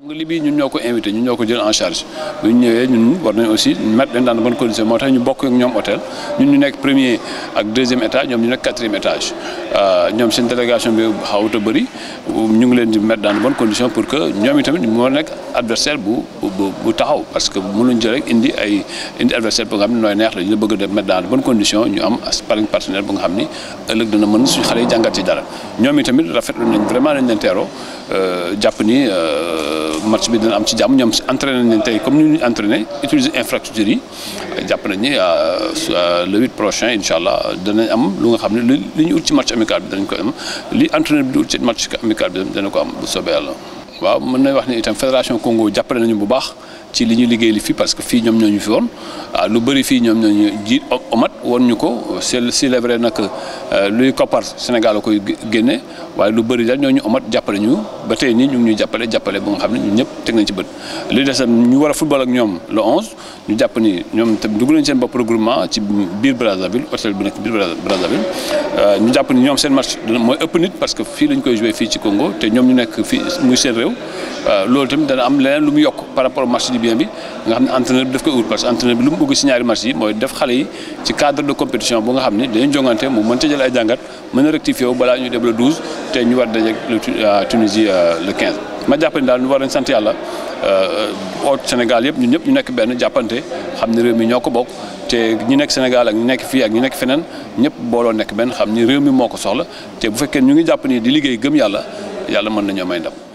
xam nga Libye ñun ñoo ko invité ñun ñoo ko jël en charge bu ñu ñëwee ñun war nañ aussi mettre leen dans de bonnes conditions moo tax ñu bokk ñoom hôtel ñun ñu nekk premier ak deuxième ñoom ñu nekk quatrième étage euh, ñoom seen délégation bi xawut a bëri ñu ngi leen di mettre dans de bonnes conditions pour que ñoom itamit moo nekk adversaire bu bu taxaw parce que mënuñ jël rek indi ay indi adversaire bu nga xam ne nooy neex la ñu a mettre dans de am ni ëllëg dana mën suñu xale yi jàngat ci dara ñoom itamit rafetlu nañ vraiment nañ leen teeroo Euh, jàpp ni euh, match bi dina am ci jàmm ñoom entraîné nañ tey comme ni ñu entraîné utiliser infrastructure yi jàpp nañ ni le huit prochain incha allah danañ am lu nga xam ne li ñu ut ci match amical bi danañ ko am li entraîneur bi di ut ci match amical bi dana ko am bu soobee yàlla. waaw mën na wax ne itam fédération Congo jàppale nañu bu baax ci li ñuy liggéey li fii parce que fii ñoom ñoo ñu fi woon waaw ah, lu bëri fii ñoom ñoo ñu ji omat woon ñu ko c'est vrai nag euh, luy koppar Sénégal a koy génne waaye lu bëri daal ñoo ñu omat jàppale ñu ba tey nii ñu ngi jàppale jàppale ba nga xam ne ñëpp teg nañ ci bët. ñu war a football ak ñoom le 11 ni ñoom itam ci biir Brazzaville hôtel bu nekk biir Brazzaville euh, fii lañ koy joué fii ci Congo te ñu nekk fii muy seen réew Euh, loolu tamit dana am leneen lu mu yokk par rapport marché du bien nga xam ne entraîneur bi daf koy ut parce que entraîneur bi lu mu bëgg si ñaari marché mooy def xale yi ci cadre de compétition bu nga xam ne dañuy jongante mu mën ca jël ay jàngat mën a rectifié wu balaa ñuy dem le 12 te ñu war daje le euh, euh, le 15. ma jàpp daal ñu war nañ sant yàlla haut Sénégal yëpp ñun ñëpp ñu nekk benn jàppante xam ne réew mi ñoo ko bokk te ñu nekk Sénégal ak ñu nekk fii ak ñu nekk feneen ñëpp booloo nekk benn xam ni réew mi moo ko soxla te bu fekkee ñu ngi jàpp ni di liggéey gëm yàlla yàlla mën nañoo may ndam